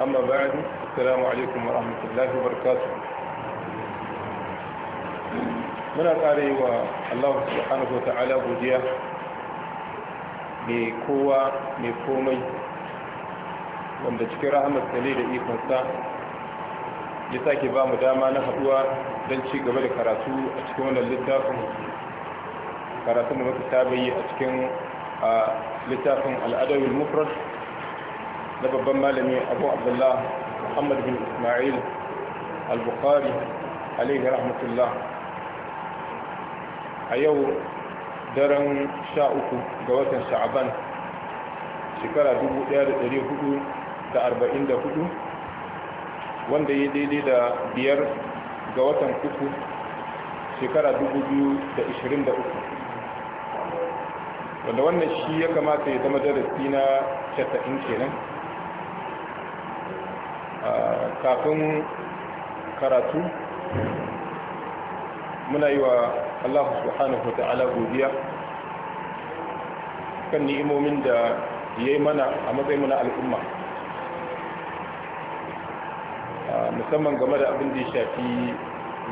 أما بعد السلام عليكم ورحمة الله وبركاته من wa والله سبحانه وتعالى بوديا بقوة بقومي wanda cikin rahamar da ikonsa ya sake ba mu dama na haɗuwa don ci gaba da karatu a cikin wannan littafin karatun da muka a cikin littafin al'adawin mufrad na babban malami abu abdullah muhammad bin ismail al-bukhari alaihi rahmatullah a yau daren sha uku ga watan sha'aban shekara 1444 wanda ya daidai da biyar ga watan uku shekara 2023 wanda wannan shi ya kamata ya zama darasi na 90 kenan kafin karatu muna yi wa Allah subhanahu wa ta'ala godiya kan ni'imomin da ya yi mana a matsayin na al'umma musamman game da abin da ya shafi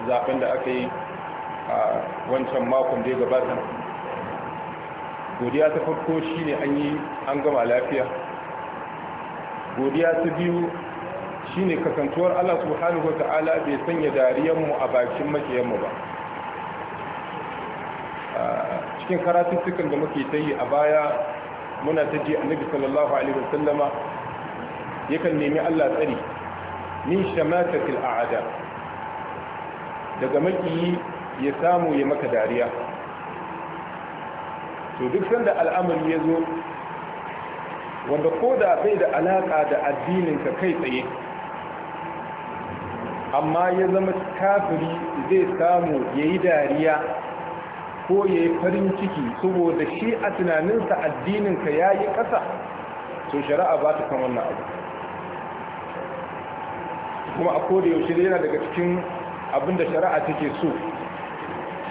zaben da aka yi a wancan makon da ya gabata godiya ta farko shine an yi an gama lafiya godiya ta biyu shine kasantuwar Allah subhanahu wata'ala bai sanya dariyar mu a bakin makiyar mu ba cikin karatuttukan da muke ta a baya muna ta ji annabi sallallahu alaihi wasallama yakan nemi Allah tsari min shamatatil a'ada daga makiyi ya samu ya maka dariya to duk sanda al'amari ya zo wanda ko da bai da alaka da addinin ka kai tsaye amma ya zama kafiri zai samu ya yi dariya ko ya yi farin ciki saboda shi a tunaninsa addininka ya yi ƙasa to shari'a ba ta kan wannan abu kuma a koda yaushe yana daga cikin abin da shari'a take so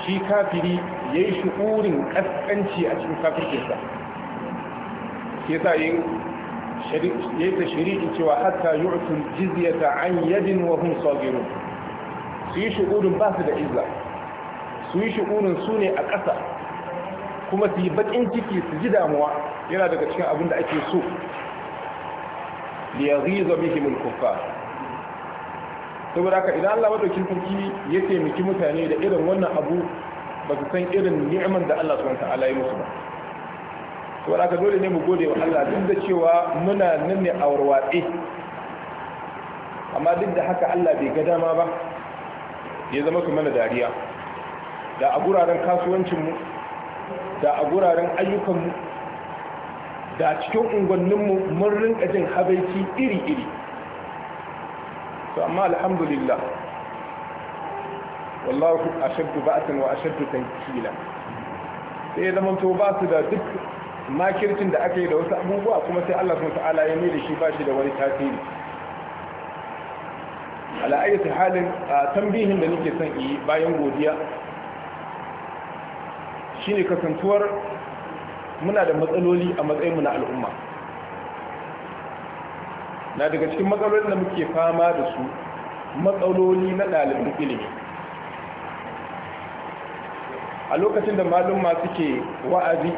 shi kafiri ya yi shukurin ƙasƙanci a cikin kafirkinsa ke sa yin yayi shiriki cewa hatta yu'tu jizyata an yadin wa hum sagirun su yi shu'urun ba su da izza su yi shu'urun su ne a ƙasa kuma su yi baƙin ciki su ji damuwa yana daga cikin abin da ake so liyaghiza ghiza bihim al saboda haka idan Allah madaukin sarki ya taimaki mutane da irin wannan abu ba su san irin ni'imar da Allah subhanahu wa ta'ala ya musu ba saboda haka dole ne mu gode wa Allah duk da cewa muna nan ne a warwatse amma duk da haka Allah bai ga dama ba ya zama su mana dariya da a guraren kasuwancinmu da a guraren ayyukanmu da cikin unguwanninmu mun rinka jin habaici iri-iri to amma alhamdulillah wallahu ashaddu ba'atan wa ashaddu tankila sai zaman to ba su da duk makircin da aka yi da wasu abubuwa kuma sai Allah kuma ta'ala ya mai da shi ba shi da wani tasiri ta halin a tambihin da nake son yi bayan godiya Shi ne kasantuwar muna da matsaloli a matsayinmu na al'umma na daga cikin matsalolin da muke fama da su matsaloli na ɗalibin ilimi a lokacin da malumma suke wa'azi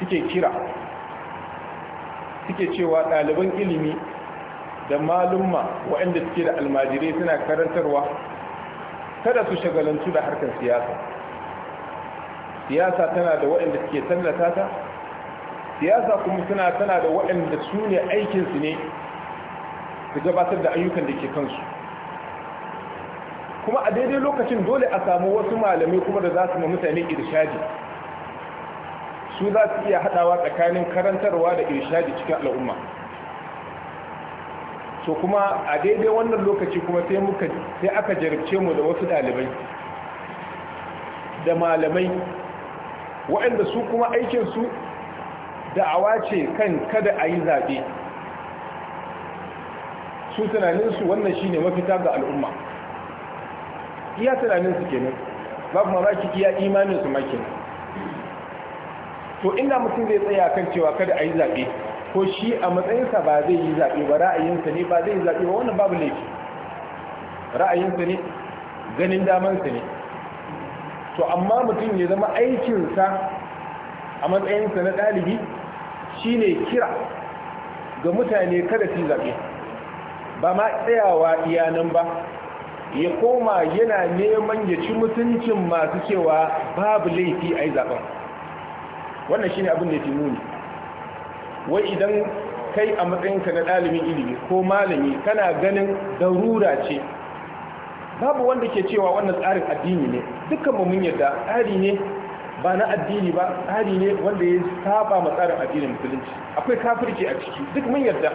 suke kira suke cewa ɗaliban ilimi da malumma waɗanda suke da almajirai suna karantarwa kada su shagalantu da harkar siyasa siyasa tana da waɗanda suke tallata ta siyasa kuma suna tana da waɗanda su ne aikinsu ne su gabatar da ayyukan da ke kansu kuma a daidai lokacin dole a samu wasu malamai kuma da za su ma mutane irshadi su za su iya haɗawa tsakanin karantarwa da irshadi cikin al'umma so kuma a daidai wannan lokaci kuma sai muka sai aka jarabce mu da wasu ɗalibai da malamai waɗanda su kuma aikinsu da'awa ce kan kada a yi zaɓe su tunaninsu wannan shi ne mafita ga al'umma iya tunaninsu kenan babu ki iya imaninsu makin to inda mutum zai tsaya kan cewa kada a yi zaɓe ko shi a matsayinsa ba zai yi zaɓe ba ra'ayinsa ne ba zai yi zaɓe ba wannan babu laifi ra'ayinsa ne ganin damansa ne to amma mutum ya zama aikinsa a matsayinsa na ɗalibi shi ne kira ga mutane kada su zaɓe ba ma tsayawa iyanan ba ya koma yana neman ya ci mutuncin masu cewa babu laifi a yi zaɓen wannan shine abin da yake nuni wai idan kai a matsayinka na ɗalibin ilimi ko malami kana ganin darura ce babu wanda ke cewa wannan tsarin addini ne dukkan mu mun yarda tsari ne ba na addini ba tsari ne wanda ya saba ma tsarin addinin musulunci akwai kafirci a ciki duk mun yarda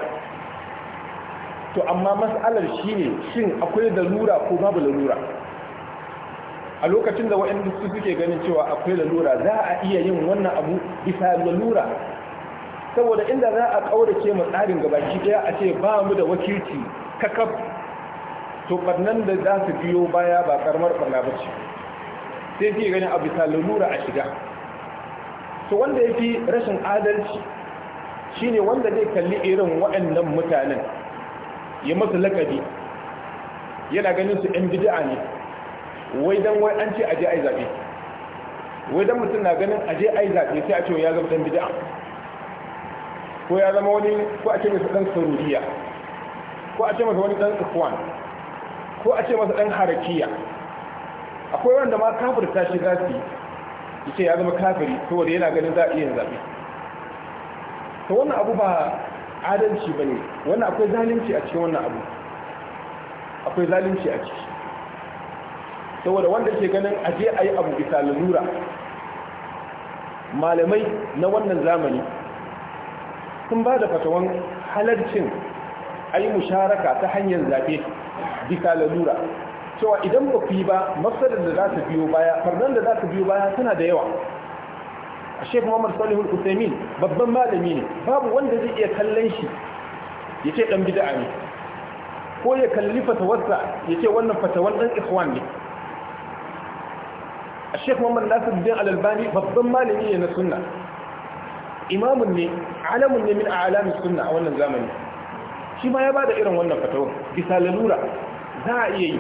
to amma mas'alar shine shin akwai darura ko babu larura a lokacin da waɗanda su suke ganin cewa akwai lalura za a iya yin wannan abu bisa lalura saboda inda za a ƙaurace mu tsarin gabaki daya a ce ba mu da wakilci kakaf to ɓarnan da za su biyo baya ba karmar ɓarna ba ce sai fiye ganin a bisa lalura a shiga to wanda ya fi rashin adalci shine wanda zai kalli irin waɗannan mutanen ya masu lakabi yana ganin su 'yan bid'a ne wai dan wai an ce aje ai zabe wai dan mutum na ganin aje ai zabe sai a ce ya zama dan bid'a ko ya zama wani ko a ce masa dan saruriya ko a ce masa wani dan ikhwan ko a ce masa dan harakiya akwai wanda ma ta shi za su yi ce ya zama kafiri saboda yana ganin za a iya zabe to wannan abu ba adalci bane wannan akwai zalunci a cikin wannan abu akwai zalunci a ciki saboda wanda ke ganin a je a yi abu bisa lura malamai na wannan zamani sun ba da fatawan halarcin a yi musharaka ta hanyar zaɓe bisa lura cewa idan ba fi ba mafsadar da za ta biyo baya farnan da za ta biyo baya tana da yawa a shek Muhammadu salihun usaimin babban malami ne babu wanda zai iya kallon shi ya ce ɗan bida'a ne ko ya kalli fatawarsa ya ce wannan fatawan ɗan ikhwan ne a محمد muhammad الدين bin alalbani babban malami ne na sunna imamun ne alamun ne min a alamin sunna a wannan zamani shi ya ba da irin wannan fatawar bisa lalura za a iya yi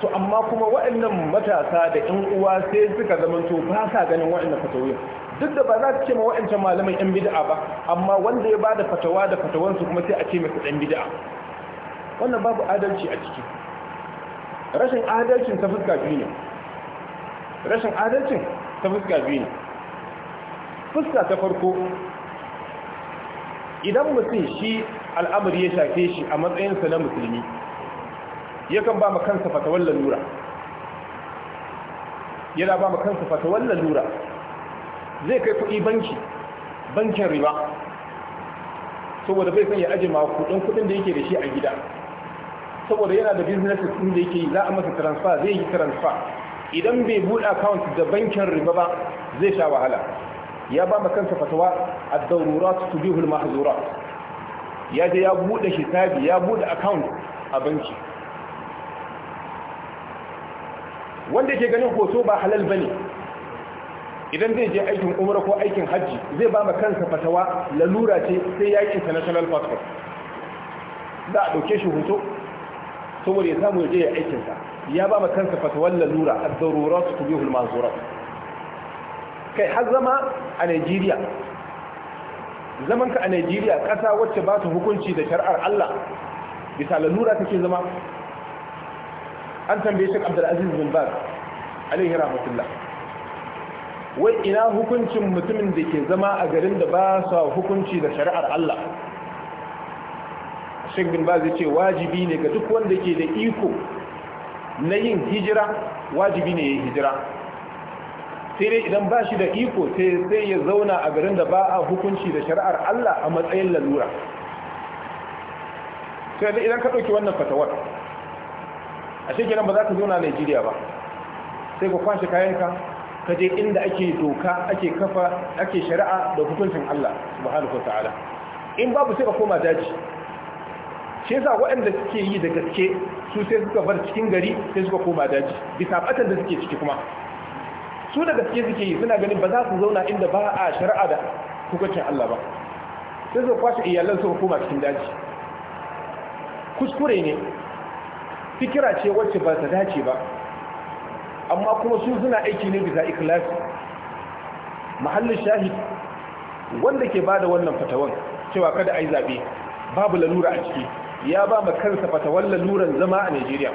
to amma kuma waɗannan matasa da ƴan uwa sai suka zama to ba sa ganin waɗannan fatawoyin duk da ba za su ce ma waɗancan malaman ƴan bid'a ba amma wanda ya bada fatawa da fatawansu kuma sai a ce masa ɗan bid'a wannan babu adalci a ciki rashin adalcin ta fuska biyu ne rashin adalcin ta fuska biyu ne fuska ta farko idan mutum shi al'amari ya shafe shi a matsayinsa na musulmi yakan ba kansa fatawar lalura yana ba makansa fatawar lalura zai kai kuɗi banki bankin riba saboda bai son ya aje ma kuɗin kuɗin da yake da shi a gida saboda yana da business din da yake za a masa transfer zai yi transfer idan bai buɗe account da bankin riba ba zai sha wahala ya ba ma kansa fatawa ad-dawrurat tubihu al-mahzurat ya je ya buɗe hisabi ya buɗe account a banki wanda ke ganin hoto ba halal bane idan zai je aikin umra ko aikin hajji zai ba ma kansa fatawa lalura ce sai ya yi international passport za a ɗauke shi hoto saboda ya samu ya je ya aikinsa ya ba ma kansa fatawar lalura a darurar su tubi hulmanzurar kai har zama a nigeria zamanka a nigeria ƙasa wacce ba ta hukunci da shari'ar allah bisa lalura take zama an tambaye shi abdulaziz bin baz alaihi rahmatullah wai ina hukuncin mutumin da ke zama a garin da ba sa hukunci da shari'ar allah shek bin baz ce wajibi ne ga duk wanda ke da iko na yin hijira wajibi ne ya hijira sai dai idan ba shi da iko sai ya zauna a garin da ba a hukunci da shari'ar Allah a matsayin lalura sai dai idan ka ɗauki wannan fatawar a shekinan ba za ka zauna Najeriya ba sai ka kwashe kayanka ka je inda ake doka ake kafa ake shari'a da hukuncin Allah subhanahu wa ta'ala in babu sai ka koma daji shi yasa waɗanda suke yi da gaske su sai suka bar cikin gari sai suka koma daji bisa batan da suke ciki kuma su da gaske suke yi suna ganin ba za su zauna inda ba a shari'a da hukuncin Allah ba sai su kwashe iyalan suka koma cikin daji kuskure ne fikira ce wacce ba ta dace ba amma kuma su suna aiki ne bisa ikhlasi mahallin shahid wanda ke bada wannan fatawan cewa kada a yi zaɓe babu lalura a ciki ya ba ma kansa fatawalla nuran zama a Najeriya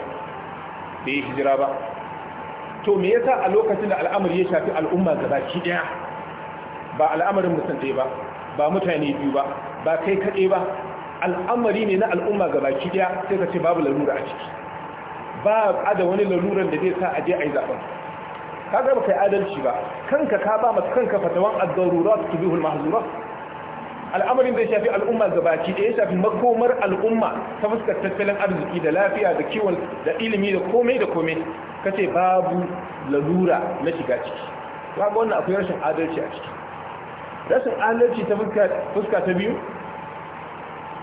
Bai yi hijira ba to me yasa a lokacin da al'amari ya shafi al'umma gabaki daya ba al'amarin mutum ɗaya ba ba mutane biyu ba ba kai kaɗai ba al'amari ne na al'umma gabaki daya sai ka ce babu lalura a ciki ba a da wani laluran da zai sa a je a yi zaɓen ka gaba kai adalci ba kanka ka ba masu kanka fatawan ad-darurat tubihul mahzurat al'amarin zai shafi al'umma gabaki da ya shafi makomar al'umma ta fuskar tattalin arziki da lafiya da kiwon da ilimi da komai da komai kace babu lalura na shiga ciki ga wannan akwai rashin adalci a ciki rashin adalci ta fuska ta biyu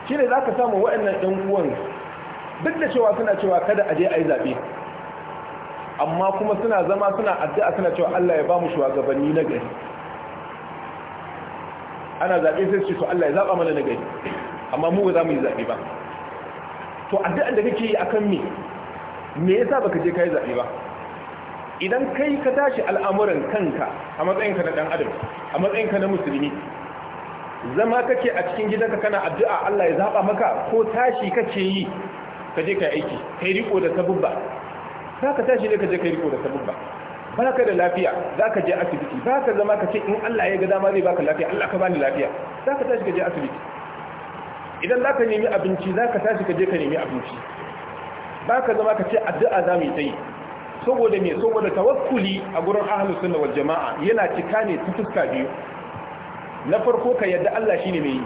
shi ne za ka samu waɗannan ɗan uwan duk da cewa suna cewa kada a je a yi zaɓe amma kuma suna zama suna addu'a suna cewa Allah ya ba mu shugabanni na gari ana zaɓe sai su to Allah ya zaɓa mana na gari amma mu ba za mu yi zaɓe ba to addu'ar da kake yi akan me me yasa baka je kai zaɓe ba idan kai ka tashi al'amuran kanka a matsayinka na dan adam a matsayinka na musulmi zama kake a cikin gidanka kana addu'a Allah ya zaɓa maka ko tashi kace yi ka je kai aiki kai riko da sabubba za ka tashi ne ka je kai riko da sabubba ba ka da lafiya za ka je asibiti ba ka zama ka ce in Allah ya ga dama zai baka lafiya Allah ka bani lafiya za ka tashi ka je asibiti idan za ka nemi abinci za ka tashi ka je ka nemi abinci ba ka zama ka ce addu'a za mu yi ta yi saboda me saboda tawakkuli a gurin ahlus sunna wal jama'a yana cika ne ta fuska biyu na farko ka yadda Allah shine mai yi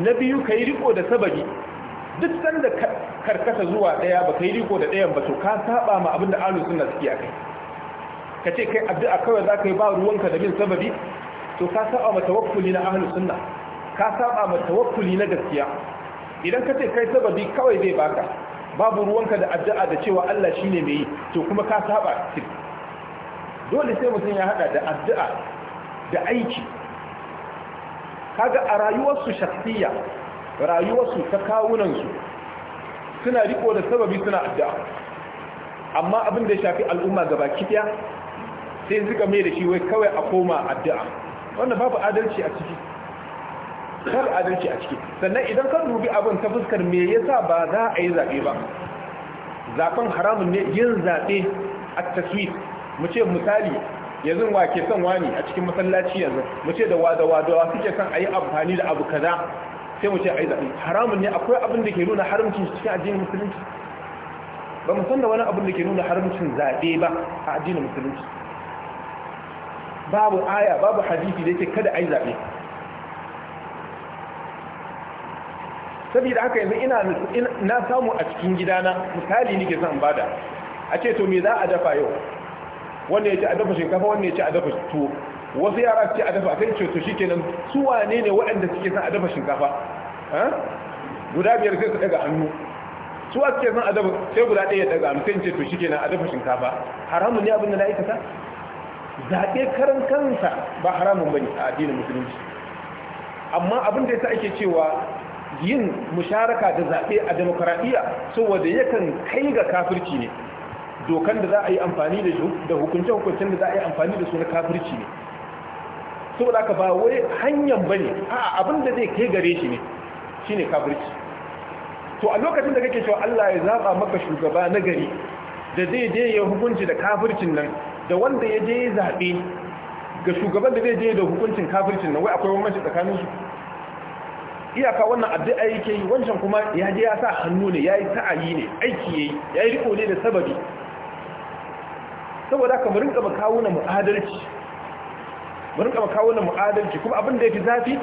na biyu ka yi riko da sababi duk sanda karkata zuwa daya baka yi riko da dayan ba to ka saba ma abinda ahlus sunna suke akai ka ce kai addu'a kawai za ka yi ba ruwanka da bin sababi to ka saba ma tawakkuli na ahlus sunna ka saba ma tawakkuli na gaskiya idan ka ce kai sababi kawai zai baka babu ruwanka da addu'a da cewa Allah shine mai yi to kuma ka saba dole sai mutum ya hada da addu'a da aiki kaga a rayuwarsu shakhsiyya rayuwarsu ta kawunansu suna riko da sababi suna addu'a amma abin da ya shafi al'umma gaba kidiya sai suka mai da shi wai kawai a koma addu'a wannan babu adalci a ciki kar adalci a ciki sannan idan kan rubi abin ta fuskar me yasa ba za a yi zaɓe ba zaɓen haramun ne yin zaɓe a taswi mu ce misali yanzu wa ke son wani a cikin masallaci yanzu mu ce da wada wadawa suke son a yi amfani da abu kaza sai mu ce a yi zaɓe haramun ne akwai abin da ke nuna haramcin cikin addinin musulunci ba mu san da wani abin da ke nuna haramcin zaɓe ba a addinin musulunci babu aya babu hadisi da yake kada ai zabe saboda haka yanzu ina na samu a cikin gidana misali nake zan bada a ce to me za a dafa yau wanda ya ce a dafa shinkafa wanda ya ce a dafa tuwo wasu yara ce a dafa kai ce to shikenan su wane ne waɗanda suke son a dafa shinkafa guda biyar sai su daga hannu su a suke son a dafa sai guda ɗaya daga hannu sai ce to kenan a dafa shinkafa haramun ne abin da na aikata zaɓe karan kansa ba haramun bane a addinin musulunci amma abin da yasa ake cewa yin musharaka da zaɓe a demokaradiyya saboda yakan kai ga kafirci ne dokan da za a yi amfani da shi da hukunce-hukuncen da za a yi amfani da su na kafirci ne saboda ka ba wai hanyar bane a abin da zai kai gare shi ne shine kafirci to a lokacin da kake cewa Allah ya zaba maka shugaba na gari da zai dai ya hukunci da kafircin nan da wanda ya je zaɓe ga shugaban da zai je da hukuncin kafircin nan wai akwai bambanci tsakanin su iyaka wannan addu'a yake yi wancan kuma ya je ya sa hannu ne ya yi ta'ayi ne aiki ya yi ya yi riko ne da sababi saboda ka murinka makawo na mu'adalci murinka makawo na mu'adalci kuma abin da ya fi zafi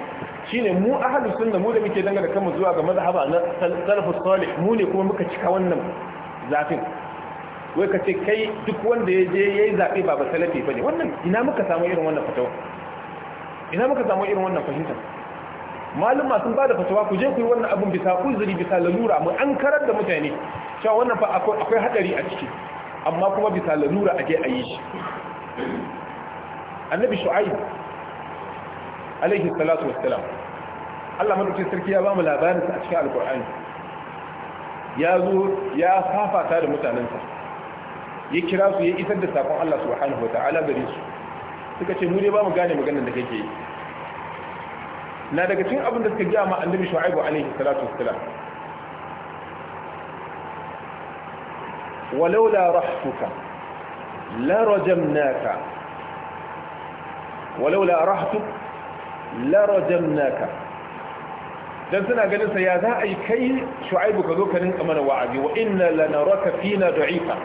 shi ne mu sun sunna mu da muke dangana kanmu zuwa ga mazhaba na salafus salih mu ne kuma muka cika wannan zafin wai ka ce kai duk wanda ya je ya yi zaɓe ba ba salafi ba ne wannan ina muka samu irin wannan fatawa ina muka samu irin wannan fahimta Malama sun ba da fatawa ku je ku yi wannan abin bisa uzuri bisa lalura mu an karar da mutane cewa wannan fa akwai hadari a ciki amma kuma bisa lalura a je a yi shi annabi shu'aib alaihi salatu wassalam Allah madaukakin sarki ya ba mu sa a cikin alqur'ani ya zo ya fafata da sa. ya kira su ya isar da sakon Allah subhanahu wata'ala gare su suka ce mu dai ba mu gane maganar da kake yi na daga cikin abin da suka gaya ma annabi shu'aibu alaihi salatu wassalam walau la rahtuka la rajamnaka walau la rahtuk la rajamnaka dan suna ganin sa ya za a yi kai shu'aibu ka zo ka rinka mana wa'azi wa inna lanaraka fina da'ifa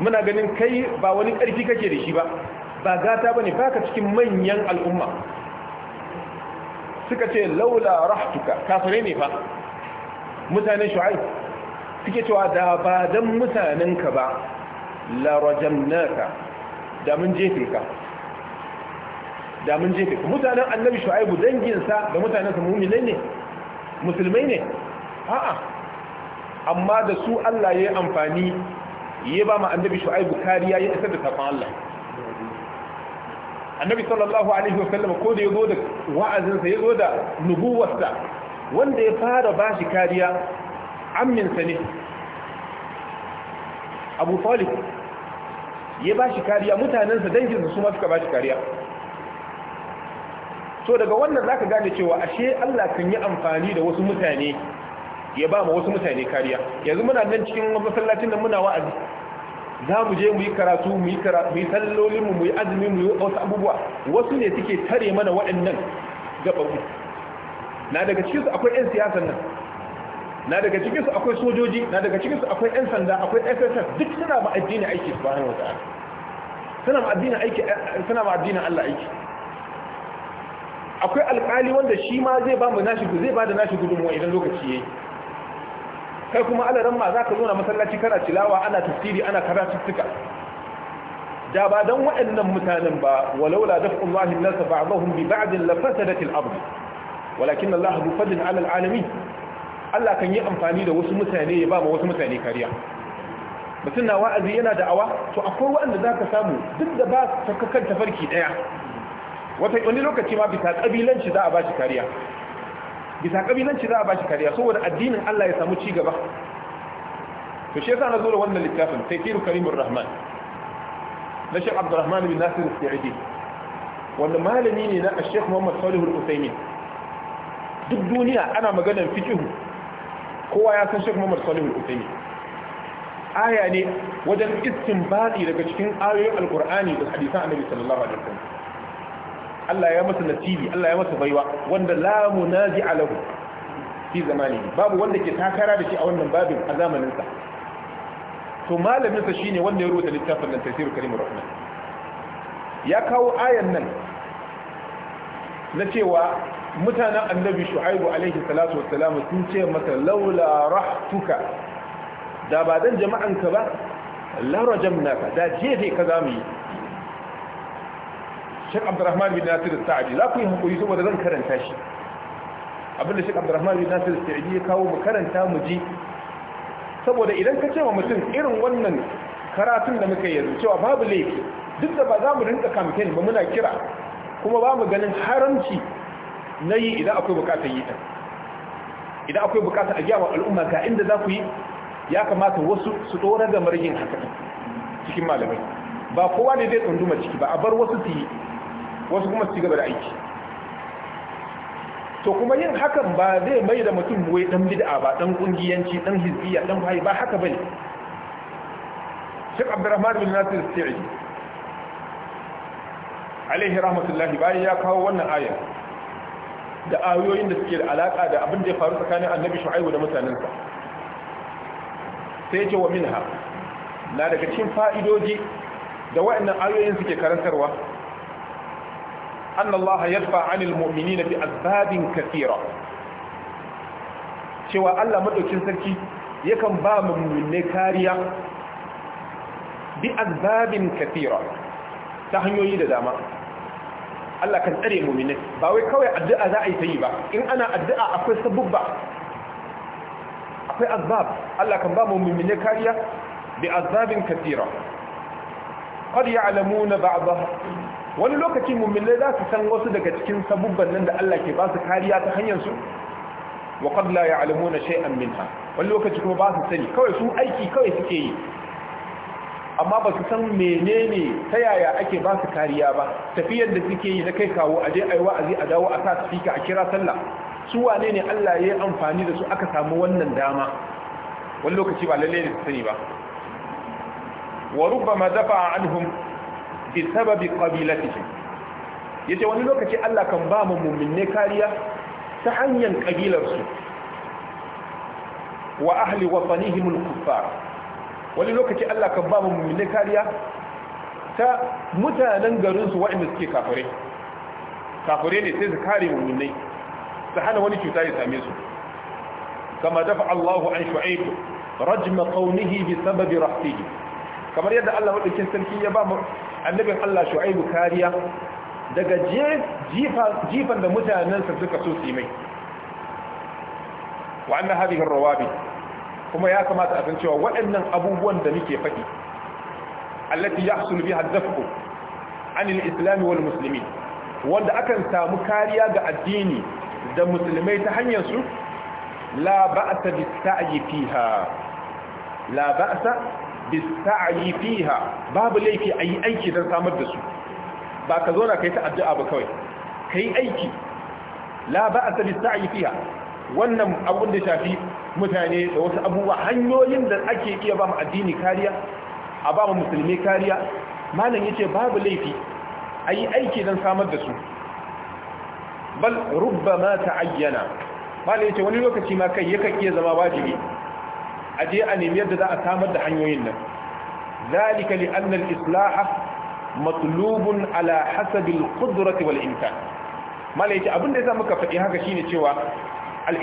muna ganin kai ba wani ƙarfi kake da shi ba ba gata ba ne baka cikin manyan al'umma suka ce laula rahtuka kafare ne fa mutanen shu'ai suke cewa da ba dan mutanenka ba la rajamnaka da mun jefe ka da mun jefe ka mutanen annabi Shu'aibu danginsa da mutanen sa mu'minai ne musulmai ne a'a amma da su Allah ya yi amfani ya ba ma annabi shu'aibu kariya ya isar da sakon Allah annabi sallallahu alaihi wasallam ko da yazo da wa'azinsa yazo da nubuwarsa wanda ya fara bashi kariya amminsa ne Abu Talib ya bashi kariya mutanensa danginsa su ma suka bashi kariya so daga wannan zaka gane cewa ashe Allah kan yi amfani da wasu mutane ya ba mu wasu mutane kariya yanzu muna nan cikin masallacin da muna wa'azi za mu je mu yi karatu mu yi mu yi sallolin mu yi azumi mu yi wasu abubuwa wasu ne suke tare mana waɗannan gababu na daga cikin su akwai yan siyasan nan na daga cikin su akwai sojoji na daga cikin su akwai yan sanda akwai SSS duk suna ma addini aiki subhanahu wataala suna ma addini aiki eh, suna ma addini Allah aiki akwai alƙali wanda shi ma zai ba mu nashi zai ba da nashi gudunmuwa idan lokaci yayi kai kuma alaran ma za ka zo na masallaci kana tilawa ana tafsiri ana karatuttuka da ba don waɗannan mutanen ba walaula daf'un lahin nasa ba'dahum bi ba'din la fasadat al-ard walakin Allah bi fadlin 'ala al-alamin Allah kan yi amfani da wasu mutane ya ba ma wasu mutane kariya mutum na wa'azi yana da awa, to akwai waɗanda za ka samu duk da ba ta kanta farki ɗaya wata wani lokaci ma bisa shi za a ba shi kariya bisa kabilanci za a bashi kariya saboda addinin Allah ya samu ci gaba to shi yasa na zo da wannan littafin tafsir karimur rahman na Sheikh Abdulrahman bin Nasir al-Sa'idi wanda malami ne na Sheikh Muhammad Salih al-Uthaymeen duk duniya ana maganar fiqh kowa ya san Sheikh Muhammad Salih al-Uthaymeen aya ne wajen istinbadi daga cikin ayoyin al Al-Qur'ani da hadisan annabi sallallahu alaihi wasallam Allah ya masa nasibi Allah ya masa baiwa wanda la munazi alahu fi zamani babu wanda ke takara da shi a wannan babin a zamanin sa to malamin sa shine wanda ya rubuta littafin nan tafsir karimur rahman ya kawo ayan nan na cewa mutanen annabi shu'aibu alaihi salatu wassalamu sun ce masa laula rahtuka da ba dan ka ba la rajamnaka da jefe ka zamu yi Sheikh Abdurrahman bin Nasir al-Sa'di za ku yi hakuri saboda zan karanta shi abinda Sheikh Abdurrahman bin Nasir al-Sa'di ya kawo mu karanta mu ji saboda idan ka ce wa mutum irin wannan karatun da muka yanzu cewa babu laifi duk da ba za mu rinka campaign ba muna kira kuma ba mu ganin haramci na yi idan akwai bukatar yi ɗan idan akwai bukatar a gyawa al'umma ga inda za ku yi ya kamata wasu su ɗora da marigin haka cikin malamai ba kowa ne zai tsunduma ciki ba a bar wasu su yi wasu kuma su ci gaba da aiki to kuma yin hakan ba zai mai da mutum wai dan bid'a ba dan kungiyanci dan hizbiya dan bai ba haka bane Sheikh Abdurrahman bin Nasir Sa'idi alaihi rahmatullahi bayan ya kawo wannan ayar da ayoyin da suke da alaka da abin da ya faru tsakanin annabi shu'aibu da mutanensa sai ce wa minha na daga cikin fa'idoji da wa'annan ayoyin suke karantarwa أن الله يدفع عن المؤمنين بأسباب كثيرة شوى ألا مدو كنسكي يكن بام من نكاريا بأسباب كثيرة تهنيو يدا داما ألا كان أري مؤمنين باوي كوي أدعى ذاعي سيبا إن أنا أدعى أكوي سببا أكوي أسباب ألا كان بام من نكاريا بأسباب كثيرة قد يعلمون بعضها wani lokaci mummune za su san wasu daga cikin sabubban nan da Allah ke ba su kariya ta hanyar su wa qad la ya'lamuna shay'an minha wani lokaci kuma ba su sani kawai su aiki kawai suke yi amma ba su san menene ta yaya ake ba su kariya ba tafiyar da suke yi na kai kawo a je ai wa'azi a dawo a sa speaker a kira sallah su wane ne Allah ya yi amfani da su aka samu wannan dama wani lokaci ba lalle ne su sani ba wa rubbama dafa anhum bi sababi qabilatihim yace wani lokaci Allah kan ba mu mu'minne kariya ta hanyar kabilarsu wa ahli watanihim al-kuffar wani lokaci Allah kan ba mu mu'minne kariya ta mutanen garin su waɗanda suke kafare kafare ne sai su kare mu'minai su hana wani cuta ya same su kama dafa Allahu an shu'aib rajma qawmihi bi sababi rahtihi kamar yadda Allah madaukin sarki ya ba annabin Allah Shu'aibu kariya daga jifan da mutanensa suka so su mai wa anna rawabi kuma ya kamata a san cewa waɗannan abubuwan da muke faɗi allati ya biha ad-dafu an al musulmi, wanda akan samu kariya ga addini da musulmai ta hanyar su la ba'sa la ba'sa bisa'i fiha babu laifi a yi aiki don samar da su ba ka zo na kai ta addu'a ba kawai ka yi aiki la ba a sabi sa'i fiha wannan abin da shafi mutane da wasu abubuwa hanyoyin da ake iya ba mu addini kariya a ba mu musulmi kariya malam ce babu laifi a yi aiki don samar da su bal rubbama ta'ayyana malam ce wani lokaci ma kai yakan iya zama wajibi a je a nemi yadda za a samar da hanyoyin nan zalika li anna al-islaha matlubun ala hasabi al abin da yasa muka faɗi haka shine cewa al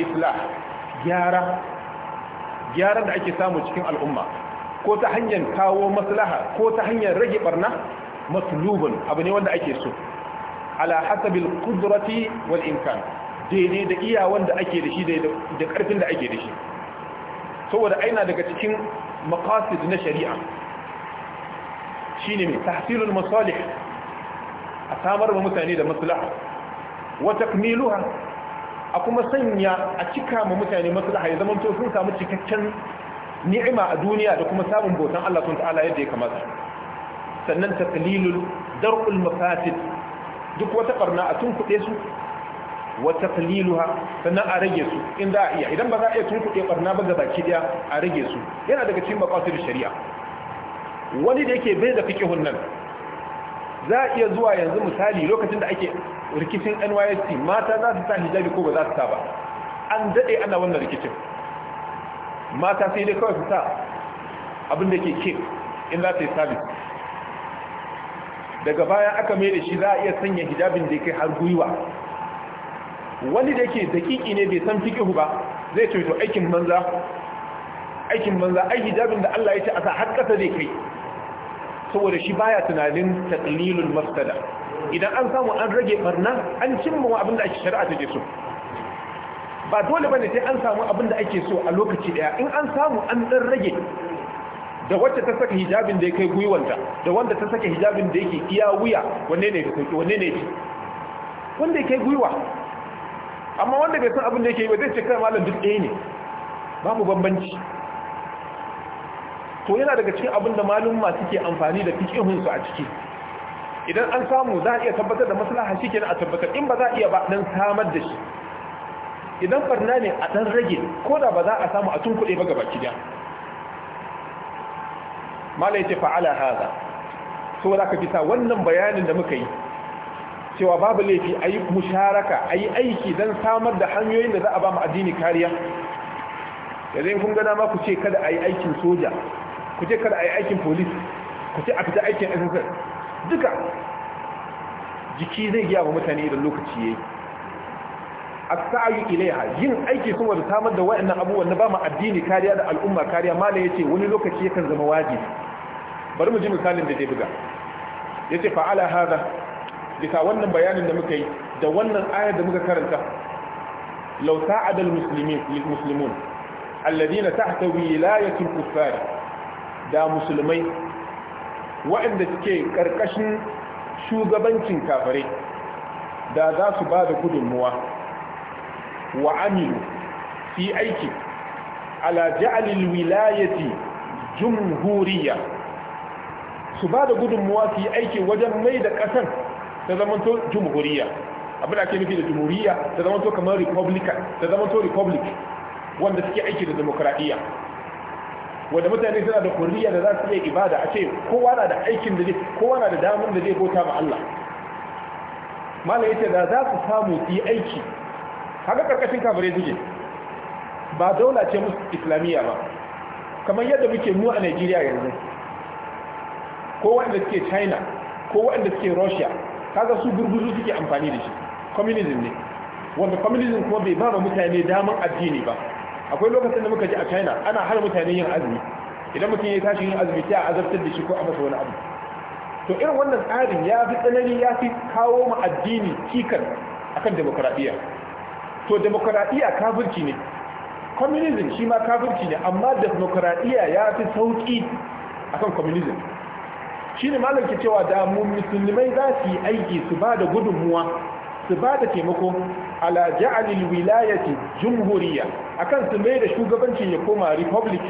gyara gyara da ake samu cikin al'umma ko ta hanyar kawo maslaha ko ta hanyar rage barna matlubun abu ne wanda ake so ala hasabi al-qudrati wal imkan daidai da iyawan da ake da shi da karfin da ake da shi saboda aina daga cikin makasid na shari'a shine mai tahsilul masalih a samar wa mutane da maslaha wa a kuma sanya a cika ma mutane maslaha ya zama sun samu cikakken ni'ima a duniya da kuma samun bautan Allah sun ta'ala yadda ya kamata sannan taqlilul dar'ul makasid duk wata barna a tun kuɗe su wa taqliluha sannan a rage su in za a iya idan ba za a iya tunkuɗe barna ba ga baki daya a rage su yana daga cikin da shari'a wani da yake bai da fiqhun nan za a iya zuwa yanzu misali lokacin da ake rikicin NYSC mata za su sa hijabi ko ba za su sa ba an dade ana wannan rikicin mata sai dai kawai su sa abin da ke ke in za su yi sabis daga baya aka mai da shi za a iya sanya hijabin da ya kai har gwiwa wani da yake dakiki ne bai san fikihu ba zai ce to aikin manza aikin manza ai hijabin da Allah ya ce asa har kasa zai kai saboda shi baya tunanin taqlilul mafsada idan an samu an rage barna an cimma abin da ake shari'a take so ba dole bane sai an samu abin da ake so a lokaci daya in an samu an dan rage da wacce ta saka hijabin da ya kai gwiwanta da wanda ta saka hijabin da yake iya wuya wanne ne ya sauki wanne ne ya wanda ya kai gwiwa amma wanda bai san abin da yake yi ba zai ce kai malam duk ɗaya ne ba mu bambanci to yana daga cikin abin da ma suke amfani da fikihun su a ciki idan an samu za a iya tabbatar da maslaha shi kenan a tabbatar in ba za a iya ba dan samar da shi idan barna ne a dan rage ko da ba za a samu a tun kuɗe ba gaba kida mala ce fa'ala hada saboda ka bisa wannan bayanin da muka yi cewa babu laifi a yi musharaka a yi aiki don samar da hanyoyin da za a ba mu addini kariya yanzu in kun gana ma ku ce kada a yi aikin soja ku ce kada a yi aikin polis ku ce a fita aikin ssr duka jiki zai giya wa mutane idan lokaci ya yi a sa'ayu ilaiha yin aiki sun wata samar da wa'annan abubuwan na ba mu addini kariya da al'umma kariya mala ya ce wani lokaci yakan zama wajibi bari mu ji misalin da zai buga ya ce fa'ala haza bisa wannan bayanin da muka yi da wannan ayar da muka karanta lausa sa'ada al-muslimin lil muslimun alladhina tahta wilayatil kuffar da musulmai waɗanda suke karkashin shugabancin kafare, da za su ba da gudunmuwa wa amilu fi aiki ala ja'alil wilayati jumhuriyya su ba da gudunmuwa su yi aiki wajen mai da ƙasar ta zama to jumhuriya abin da ake nufi da jumhuriya ta zama to kamar republican ta zama to republic wanda suke aiki da demokradiyya wanda mutane suna da kuriya da za su iya ibada a ce kowa na da aikin da zai kowa na da damar da zai bauta ma Allah malam yace da za su samu su yi aiki haka karkashin kabare suke ba daula ce musu islamiyya ba kamar yadda muke mu a Najeriya yanzu ko wanda suke China ko wanda suke Russia kaga su gurguzu suke amfani da shi communism ne wanda communism kuma bai ba mutane daman addini ba akwai lokacin da muka ji a china ana hana mutane yin azumi idan mutum ya tashi yin azumi sai a azabtar da shi ko a masa wani abu to irin wannan tsarin ya fi tsanani ya fi kawo ma addini cikar akan demokradiyya to demokradiyya kafirci ne communism shi ma kafirci ne amma demokradiyya ya fi sauki akan communism Shin ne cewa da mu musulmai za su yi aiki su ba da gudunmuwa su ba da taimako ala ja'alil wilayati jumhuriya akan su mai da shugabancin ya koma republic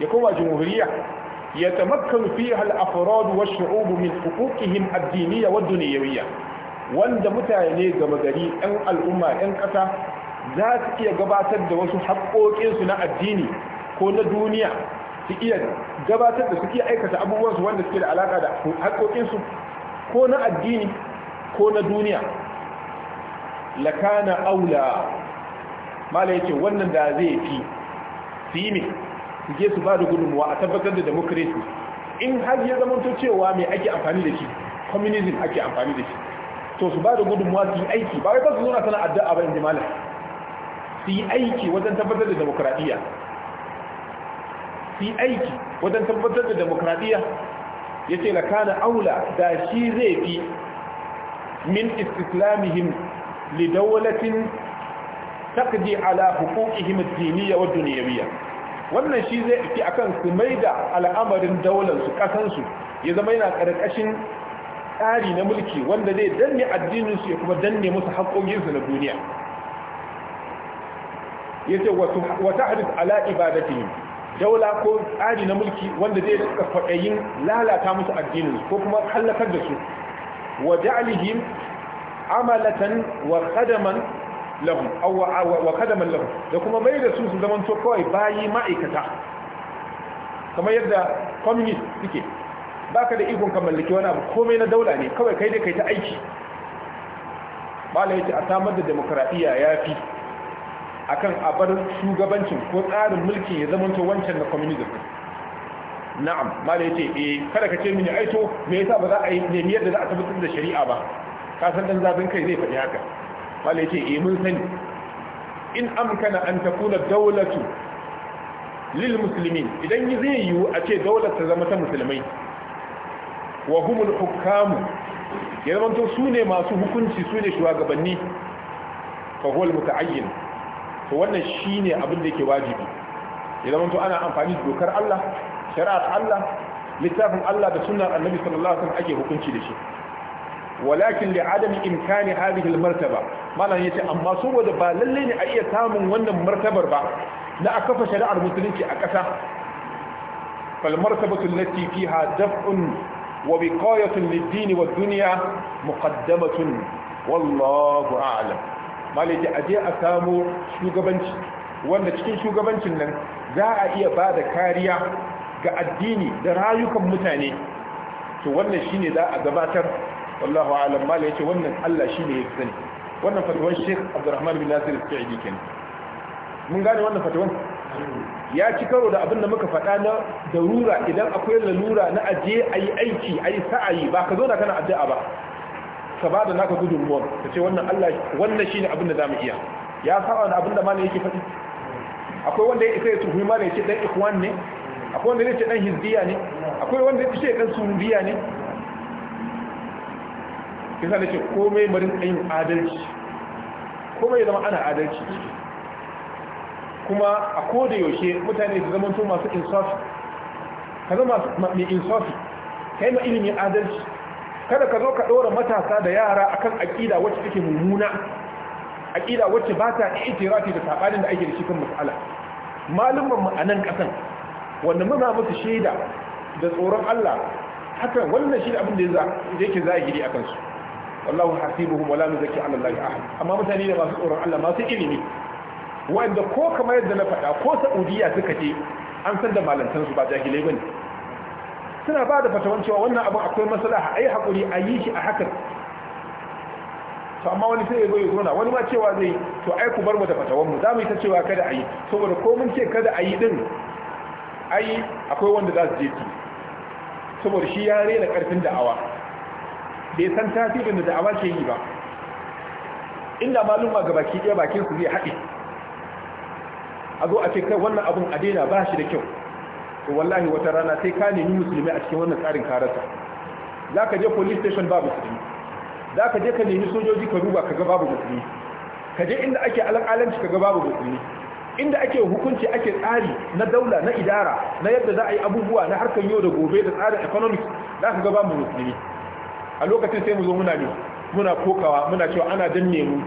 ya koma jumhuriyya, ya taimaka fiha al-afrad wa shu'ub min huquqihim ad-diniyya wa dunyawiyya wanda mutane gama gari ɗan al'umma ɗan ƙasa za su iya gabatar da wasu haƙoƙinsu na addini ko na duniya su iya gabatar da su iya aikata abubuwansu wanda suke da alaka da haƙoƙinsu ko na addini ko na duniya lakana aula mala yake wannan da zai fi su yi ne su je su ba da gudunmuwa a tabbatar da democracy in har ya zama to cewa mai ake amfani da shi communism ake amfani da shi to su ba da gudunmuwa su yi aiki ba wai ba su zo na da addu'a ba malam su yi aiki wajen tabbatar da demokradiyya fi aiki wajen tabbatar da demokradiyya ya ce lakana aula da shi zai fi min istislamihim lidawalatin takdi ala hukukihim diniya wa duniyawiyya wannan shi zai fi akan su da al'amarin daular kasansu ya zama yana karkashin tsari na mulki wanda zai danne addininsu ya kuma danne musu haƙoƙin na duniya yace wa tahris ala ibadatihim daula ko tsari na mulki wanda zai rika kwaɗayin lalata musu addinin ko kuma hallakar da su wa ja'alihim amalatan wa qadaman lahum aw wa qadaman lahum da kuma mai da su su zaman to kawai bayi ma'aikata kamar yadda communist suke baka da ikon ka mallaki wani abu komai na daula ne kawai kai dai kai ta aiki bala yace a samar da demokradiya yafi akan a bar shugabancin ko tsarin mulkin ya zamanto wancan na communism na'am mala ce. eh kada ka ce mini aito me yasa ba za a yi nemi yadda za a tabbatar da shari'a ba ka san dan zabin kai zai faɗi haka mala ce, eh mun sani in amkana an takuna dawlatu lil muslimin idan zai yiwu a ce daular ta zama ta musulmai wa humul hukamu ya zama to su ne masu hukunci su ne shugabanni fa huwal muta'ayyin to wannan shine abin da yake wajibi idan mun to ana amfani da dokar Allah shari'ar Allah littafin Allah da sunnar annabi sallallahu alaihi wasallam ake hukunci da shi walakin li adam imkani hadhihi al martaba malan yace amma saboda ba lalle ne a iya samun wannan martabar ba na a kafa shari'ar musulunci a ƙasa fal martabatu allati fiha daf'un wa biqayatun lid-din wad-dunya muqaddamatun wallahu a'lam malaki aje a samo shugabanci wanda cikin shugabancin nan za a iya ba da kariya ga addini da rayukan mutane to wannan shine za a gabatar wallahu a'lam malaki yace wannan Allah shine ya sani wannan fatawan Sheikh Abdulrahman bin Nasir al-Sa'idi kenan mun gane wannan fatawan ya ci karo da abin da muka faɗa na darura idan akwai lalura na aje a yi aiki a yi sa'ayi ba ka zo da kana addu'a ba ka ba da naka gudunmuwar ka ce wannan Allah wannan shine abin da za mu iya ya saba da abin da ne yake faɗi akwai wanda ya isa ya tuhumi mana ya ce dan ikwan ne akwai wanda ya ce dan hizbiya ne akwai wanda ya ce dan surubiya ne kisa ne ce komai marin yin adalci komai zama ana adalci kuma a koda yaushe mutane su zama masu insafi ka zama mai insafi kai ma ilimin adalci kada ka zo ka ɗora matasa da yara akan aƙida wacce take mummuna aƙida wacce ba ta itirafi da saɓanin da ake da shi kan mas'ala malumman mu a nan ƙasan wanda muna musu shaida da tsoron Allah haka wannan shi da abin da yake zahiri a kansu wallahu hasibuhum wala nuzaki ala allahi ahad amma mutane da masu tsoron Allah masu ilimi wanda ko kamar yadda na faɗa ko Saudiya suka ce an san da malantansu ba jahilai bane suna ba da fatawan cewa wannan abin akwai maslaha a yi haƙuri a yi shi a hakan to amma wani sai ya zo ya wani ma cewa zai to ai ku bar mu da fatawan mu za mu yi ta cewa kada a yi saboda ko mun ce kada a yi din ai akwai wanda za su je ki saboda shi ya rena karfin da'awa bai san tasirin da da'awa ke yi ba inda maluma ga baki ɗaya bakin su zai haɗe a zo a ce kai wannan abun a daina ba shi da kyau to wallahi wata rana sai ka nemi musulmi a cikin wannan tsarin karasa za ka je police station babu musulmi za ka je ka nemi sojoji ka duba ka ga babu musulmi ka je inda ake alƙalanci ka ga babu musulmi inda ake hukunci ake tsari na daula na idara na yadda za a yi abubuwa na harkar yau da gobe da tsarin economic za ka ga babu musulmi a lokacin sai mu zo muna ne muna kokawa muna cewa ana danne mu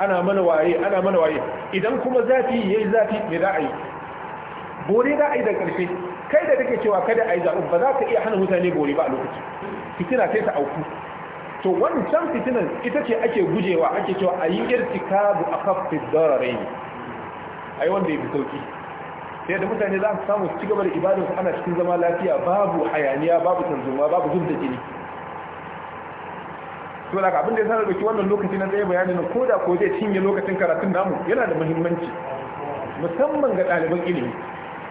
ana mana waye ana mana waye idan kuma zafi yayi zafi me za a yi bore za a yi da ƙarfe kai da take cewa kada a yi zaɓi ba za ka iya hana mutane bore ba a lokaci fitina sai ta auku to wancan fitinan ita ce ake gujewa ake cewa a yi irtikabu a kafa dararai ne a yi wanda ya fi sauki sai da mutane za su samu ci gaba da ibadun su ana cikin zama lafiya babu hayaniya babu tanzuma babu zub da jini to da abin da ya sanar da ki wannan lokaci na tsaye bayanin ko da ko zai cinye lokacin karatun namu yana da muhimmanci musamman ga ɗaliban ilimi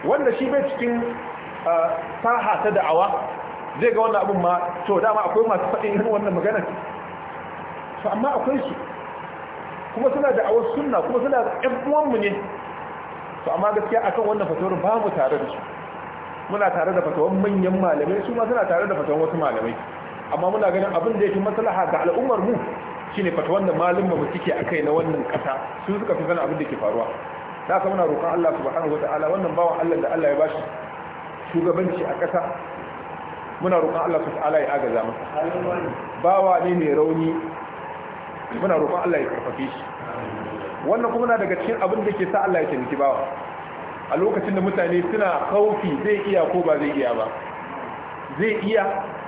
wanda shi bai cikin saha ta da'awa zai ga wannan abin ma to dama akwai masu faɗin irin wannan magana, to amma akwai su kuma suna da'awar sunna kuma suna ɗan uwanmu ne to amma gaskiya akan wannan fatawar ba mu tare da su muna tare da fatawar manyan malamai su ma suna tare da fatawar wasu malamai amma muna ganin abin da ya fi maslaha ga al'ummar mu shine fatawar da malamma mu suke akai na wannan ƙasa su suka fi sanin abin da ke faruwa da aka muna roƙon Allah subhanahu wata'ala wannan bawan Allah da Allah ya shi shugabanci a ƙasa muna roƙon Allah subhanahu wata'ala ya agaza masa bawa ne mai rauni muna roƙon Allah ya karfafe shi wannan kuma na daga cikin abin da ke sa Allah ya taimaki bawa a lokacin da mutane suna kaufi zai iya ko ba zai iya ba zai iya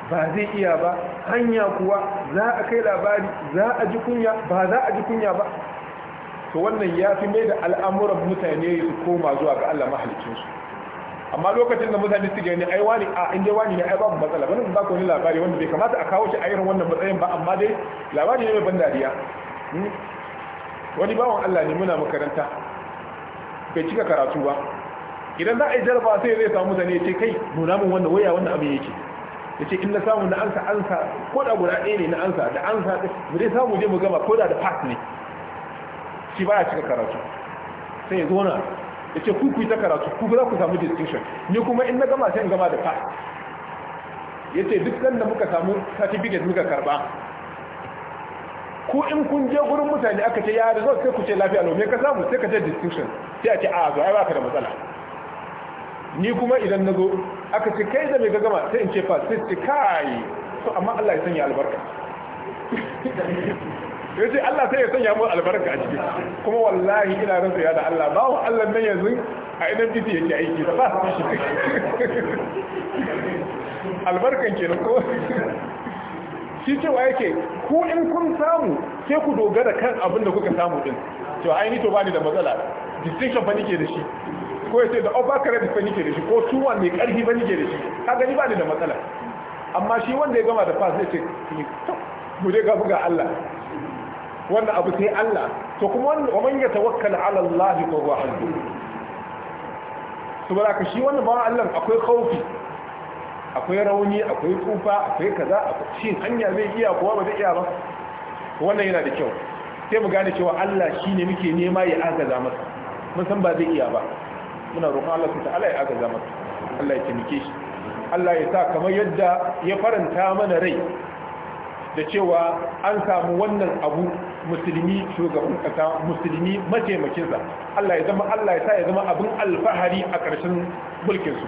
ba zai iya ba hanya kuwa za a kai labari za a ji kunya ba za a ji kunya ba to wannan ya fi mai da al'amuran mutane su koma zuwa ga Allah mahalicinsu amma lokacin da mutane su gani ai wani a inda wani ne ai babu matsala bane ba ku wani labari wanda bai kamata a kawo shi a irin wannan matsayin ba amma dai labari ne mai ban dariya hmm? wani bawan Allah ne muna makaranta bai cika karatu ba idan za a yi jarba sai zai samu zane ce kai nuna min wannan waya wannan abin yake ya ce in na samu na ansa ansa ko da guda ɗaya ne na ansa da ansa mu dai samu je mu gama ko da da pass ne shi baya cika karatu sai ya zona ya ce ku kuyi ta karatu ku za ku samu distinction ni kuma in na gama sai in gama da ka ya ce duk da muka samu certificate muka karba ko in kun je gurin mutane aka ce ya result sai ku ce lafiya lau me ka samu sai ka ce distinction sai a ce a zo ai baka da matsala ni kuma idan na zo aka ce kai da me ka gama sai in ce fa sai ce kai to amma Allah ya sanya albarka ya ce Allah sai ya sanya mu albarka a ciki kuma wallahi ina ran ya da Allah bawo Allah nan yanzu a idan titi yake aiki da ba shi albarkan kenan ko shi cewa yake ku in kun samu sai ku dogara kan abin da kuka samu din cewa ai ni to bani da matsala distinction ba nike da shi ko yace da oba da fani ke da shi ko tuwa mai karfi ba nike da shi kaga ni bani da matsala amma shi wanda ya gama da fa sai ce to mu dai ga buga Allah wannan abu sai Allah to kuma wannan ya tawakkala ala Allah fa huwa hasbuh to ka shi wannan ba Allah akwai khaufi akwai rauni akwai tsufa akwai kaza akwai shin hanya zai iya kuwa ba zai iya ba wannan yana da kyau sai mu gane cewa Allah shine muke nema ya agaza masa mun san ba zai iya ba muna roƙon Allah ta'ala ya agaza masa Allah ya taimake shi Allah ya sa kamar yadda ya faranta mana rai da cewa an samu wannan abu musulmi shugaban kasa musulmi mataimakinsa Allah ya zama Allah ya sa ya zama abin alfahari a ƙarshen mulkin su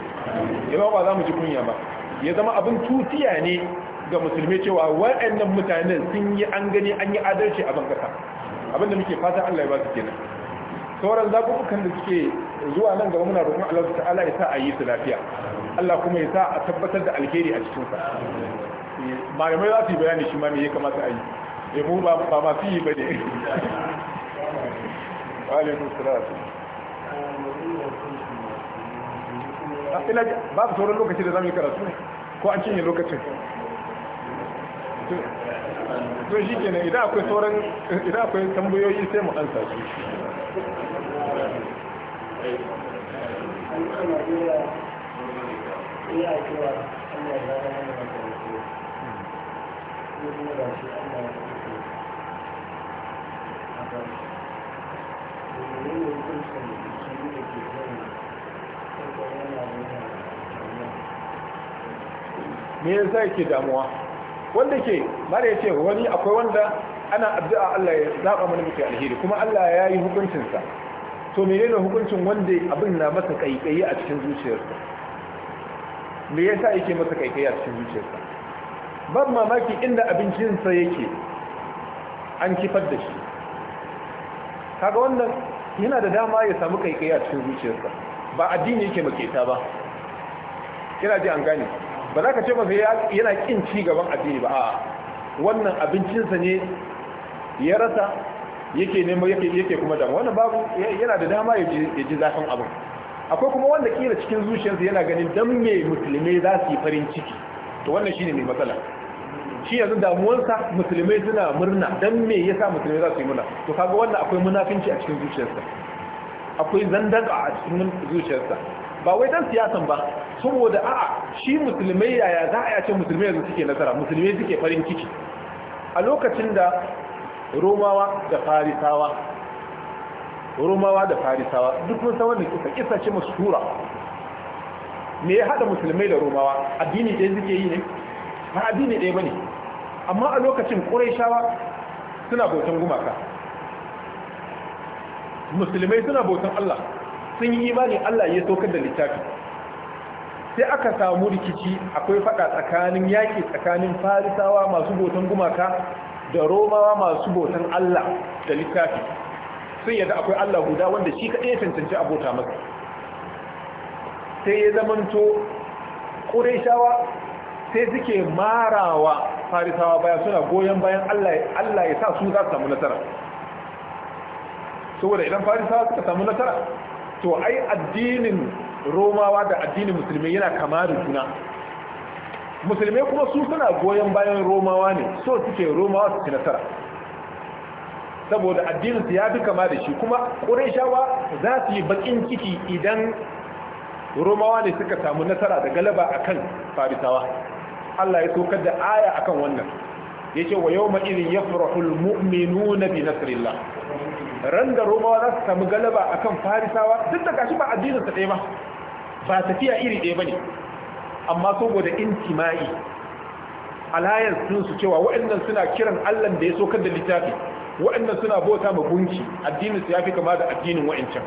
yaba ba za mu ji kunya ba ya zama abin tutiya ne ga musulmi cewa waɗannan mutanen sun yi an gani an yi adalci a ban kasa abin da muke fata Allah ya ba su kenan sauran zakukan da suke zuwa nan gaba muna roƙon Allah ta'ala ya sa a yi su lafiya Allah kuma ya sa a tabbatar da alheri a cikin sa malamai za su yi bayani shi ma me ya kamata a yi ya mu ba ma fi ba ne alaikun ah, ba su sauran lokaci da karatu ne ko an cinye lokacin to shi ke idan akwai sauran idan akwai tambayoyi sai mu ansa su Thank you. me yanzu ake damuwa wanda ke mara ce wani akwai wanda ana addu'a Allah ya zaɓa mana muke alheri kuma Allah ya yi To me to ne hukuncin wanda abin na masa kaikayi a cikin zuciyarsa me yasa yake masa kaikayi a cikin zuciyarsa Bar mamaki inda abincinsa yake an kifar da shi kaga wannan yana da dama ya samu kaikai a cikin zuciyarsa ba addini yake maketa ba kina ji an gane ba za ka ce masa yana kin ci gaban addini ba a wannan abincinsa ne ya rasa yake nemo yake kuma dama wannan babu yana da dama ya ji zafin abin akwai kuma wanda kila cikin zuciyarsa yana ganin dan me musulmai za su yi farin ciki to wannan shine mai matsala shi yanzu damuwarsa musulmai suna murna don me yasa musulmai za su yi murna to kaga wannan akwai munafinci a cikin zuciyarsa akwai zandar a cikin zuciyarsa ba wai dan siyasan ba saboda a'a shi musulmai yaya za a yace musulmai yanzu suke nasara musulmai suke farin ciki a lokacin da romawa da farisawa romawa da farisawa duk mun san wannan kisa kisa ce mashhura me ya hada musulmai da romawa addini ɗaya suke yi ne ba addini ɗaya bane amma a lokacin ƙuraishawa suna bautan gumaka musulmai suna bautan Allah sun yi imani Allah ya saukar da littafi sai aka samu rikici akwai faɗa tsakanin yaƙi tsakanin farisawa masu bautan gumaka da romawa masu bautan Allah da littafi sun yadda akwai Allah guda wanda shi kaɗai ya cancanci abota masa sai ya zamanto ƙuraishawa sai suke marawa farisawa baya suna goyon bayan Allah ya sa su za su samu nasara saboda idan farisawa suka samu nasara to ai addinin romawa da addinin musulmi yana kama da juna musulmi kuma su suna goyon bayan romawa ne so suke romawa su ci nasara saboda addininsu ya fi kama da shi kuma ƙureshawa za su yi baƙin ciki idan romawa ne suka samu nasara da galaba akan farisawa Allah ya saukar da aya akan wannan yace wa yawma idhin yafrahul mu'minuna bi nasrillah ran da Roma za su samu galaba akan farisawa duk da gashi ba addinin sa ɗaya ba ba tafiya iri ɗaya bane amma saboda intima'i alliance din su cewa waɗannan suna kiran Allah da ya saukar da littafi waɗannan suna bauta ma gunki addinin su yafi kama da addinin wa'ancan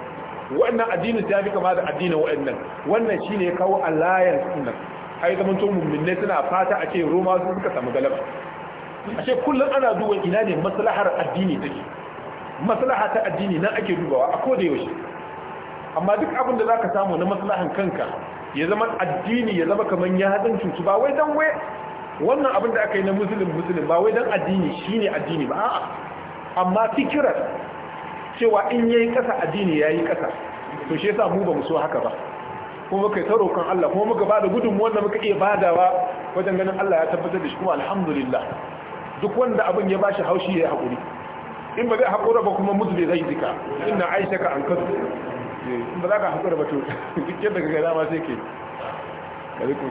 waɗannan addinin su yafi kama da addinin wa'annan wannan shine ya kawo alliance nan ai zaman to mumminai suna fata a ce roma su suka samu galaba a ce kullum ana duba ina ne maslahar addini take maslaha ta addini nan ake dubawa a koda yaushe amma duk abin da zaka samu na maslahan kanka ya zama addini ya zama kaman ya hadan cutu ba wai dan wai wannan abin da aka yi na musulun musulun ba wai dan addini shine addini ba a'a amma fikirar cewa in yayi kasa addini yayi kasa to shi yasa mu ba mu so haka ba kuma muka yi ta Allah kuma muka bada gudunmuwan da muka iya badawa wajen ganin Allah ya tabbatar da shi kuma alhamdulillah duk wanda abin ya bashi haushi ya yi haƙuri in ba zai haƙura ba kuma mutu zai zika ina aisha ka an kasu eh, in ba za ka haƙura ba to duk yadda ka gada ma sai ke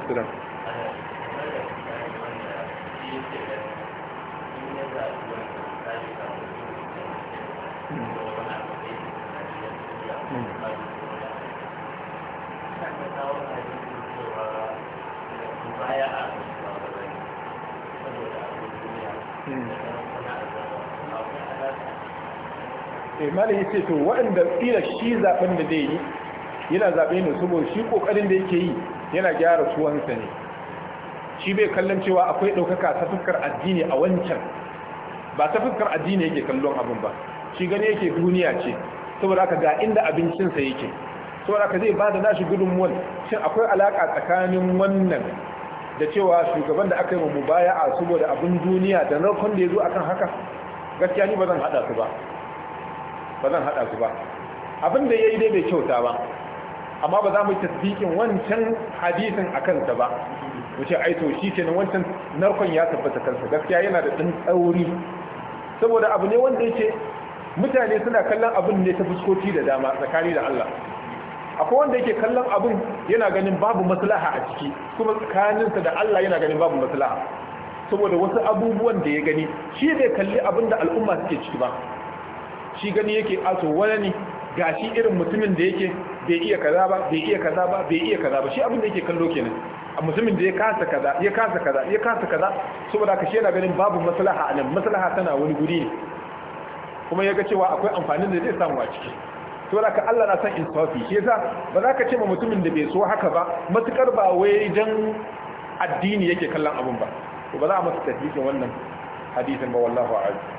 ka zai Eh, malam ce to waɗanda tsira shi zaɓen da zai yi yana zaɓe ne saboda shi ƙoƙarin da yake yi yana gyara suwansa ne shi bai kallon cewa akwai ɗaukaka ta fuskar addini a wancan ba ta fuskar addini yake kallon abin ba shi gani yake duniya ce saboda aka ga inda abincinsa yake saboda aka zai ba da nashi gudunmuwan shin akwai alaƙa tsakanin wannan da cewa shugaban da aka yi mu baya a saboda abin duniya da narkon da ya zo akan haka gaskiya ni ba zan hada su ba ba zan haɗa su ba abin da ya yi dai bai kyauta ba amma ba za mu yi tasbikin wancan hadisin a kansa ba mu ce ai to shi kenan wancan narkon ya tabbata kansa gaskiya yana da ɗan tsauri saboda abu ne wanda yake mutane suna kallon abin ne ta fuskoki da dama tsakani da Allah akwai wanda yake kallon abin yana ganin babu maslaha a ciki kuma tsakaninsa da Allah yana ganin babu maslaha saboda wasu abubuwan da ya gani shi bai kalli abin da al'umma suke ciki ba shi gani yake aso wani ne shi irin mutumin da yake bai iya kaza ba bai iya kaza ba bai iya kaza ba shi abin da yake kallo kenan a mutumin da ya kasa kaza ya kasa kaza ya kasa kaza saboda ka shi yana ganin babu maslaha a nan maslaha tana wani guri ne kuma ya ga cewa akwai amfanin da zai samu a ciki saboda ka Allah na san insafi shi yasa ba za ka ce ma mutumin da bai so haka ba matukar ba wai dan addini yake kallon abin ba ba za a masa tafsirin wannan hadisin ba wallahu a'lam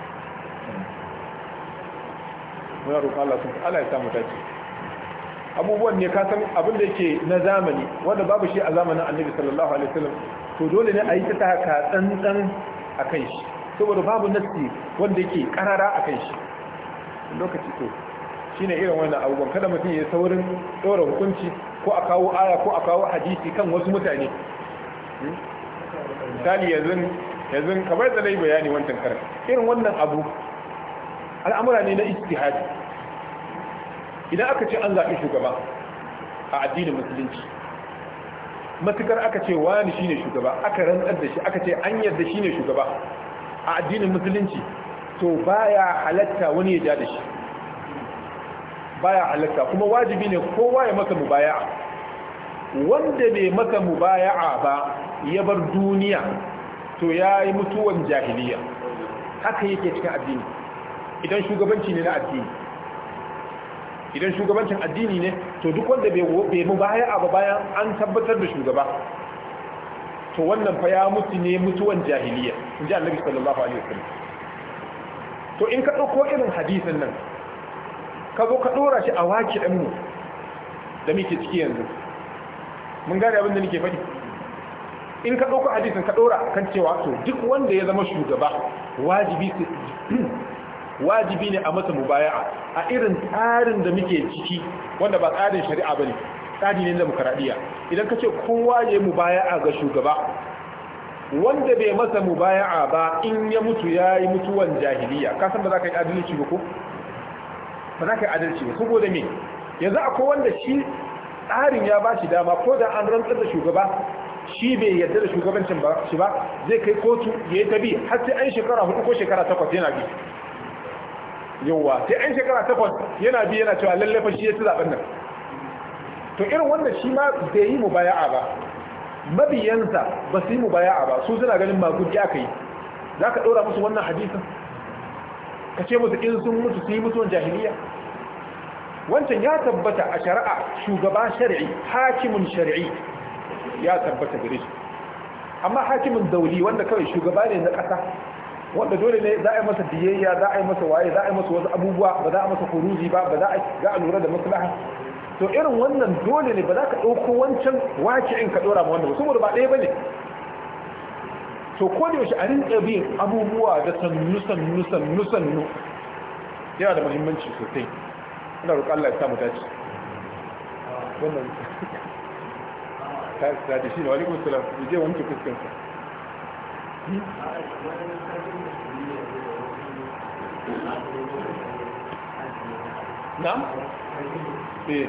muna roƙon Allah sun Allah ya samu dace abubuwan ne ka san abin da yake na zamani wanda babu shi a zamanin Annabi sallallahu alaihi wasallam to dole ne a yi ta taka tsantsan akan shi saboda babu nasti wanda yake karara akan shi lokaci to shine irin wannan abubuwan kada mutum ya saurin dora hukunci ko a kawo aya ko a kawo hadisi kan wasu mutane hmm? misali yanzu yanzu kamar da nayi bayani wancan karin irin wannan abu al'amura ne na istihadi. idan aka ce an zaɓi shugaba a addinin musulunci matukar aka ce wani shi ne shugaba aka rantsar da shi aka ce an yarda ne shugaba a addinin musulunci to baya halatta wani ya ja da shi baya halatta kuma wajibi ne kowa ya maka mubaya'a wanda bai maka mubaya'a ba ya bar duniya to ya yi mutuwan jahiliya haka yake cikin addini idan shugabanci ne na addini idan shugabancin addini ne to duk wanda bai mu baya abu bayan an tabbatar da shugaba to wannan fa ya mutu ne mutuwan jahiliya in ji annabi sallallahu alaihi wasallam to in ka dauko irin hadisin nan ka zo ka ɗora shi a waki ɗan mu da muke ciki yanzu mun gane abin da nake faɗi in ka dauko hadisin ka ɗora kan cewa to duk wanda ya zama shugaba wajibi wajibi ne a masa mubaya'a a irin tsarin da muke ciki wanda ba tsarin shari'a bane tsari ne na demokradiya idan kace kowa ya mubaya'a ga shugaba wanda bai masa mubaya'a ba in ya mutu yayi mutuwan jahiliya ka san ba za ka yi adalci ba ko ba za ka yi adalci ba saboda me yanzu akwai wanda shi tsarin ya ba shi dama ko da an rantsar da shugaba shi bai yarda da shugabancin shi ba zai kai kotu ya yi tabi har sai an shekara hudu ko shekara takwas yana bi yawa sai an shekara takwas yana bi yana cewa lalle fa shi ya ci zaben nan to irin wanda shi ma bai yi mubaya'a ba mabiyansa ba su yi mubaya'a ba su suna ganin maguɗi aka yi za ka ɗora musu wannan hadisin ka ce musu in sun mutu su yi wani jahiliya wancan ya tabbata a shari'a shugaba shari'i hakimin shari'i ya tabbata gare shi amma hakimin dauli wanda kawai shugaba ne na ƙasa wanda dole ne za a yi masa biyayya za a yi masa waye za a yi masa wasu abubuwa ba za a masa kuruji ba ba za a lura da maslaha to irin wannan dole ne ba za ka ɗauko wancan wace in ka ɗora ma wanda ba saboda ba ɗaya ba ne to ko da yaushe a rinƙa bin abubuwa da sannu sannu sannu sannu yana da muhimmanci sosai ina roƙa Allah ya sa mu dace wannan ta da shi ne wa alaikum salam je wanke fuskansa na'am eh.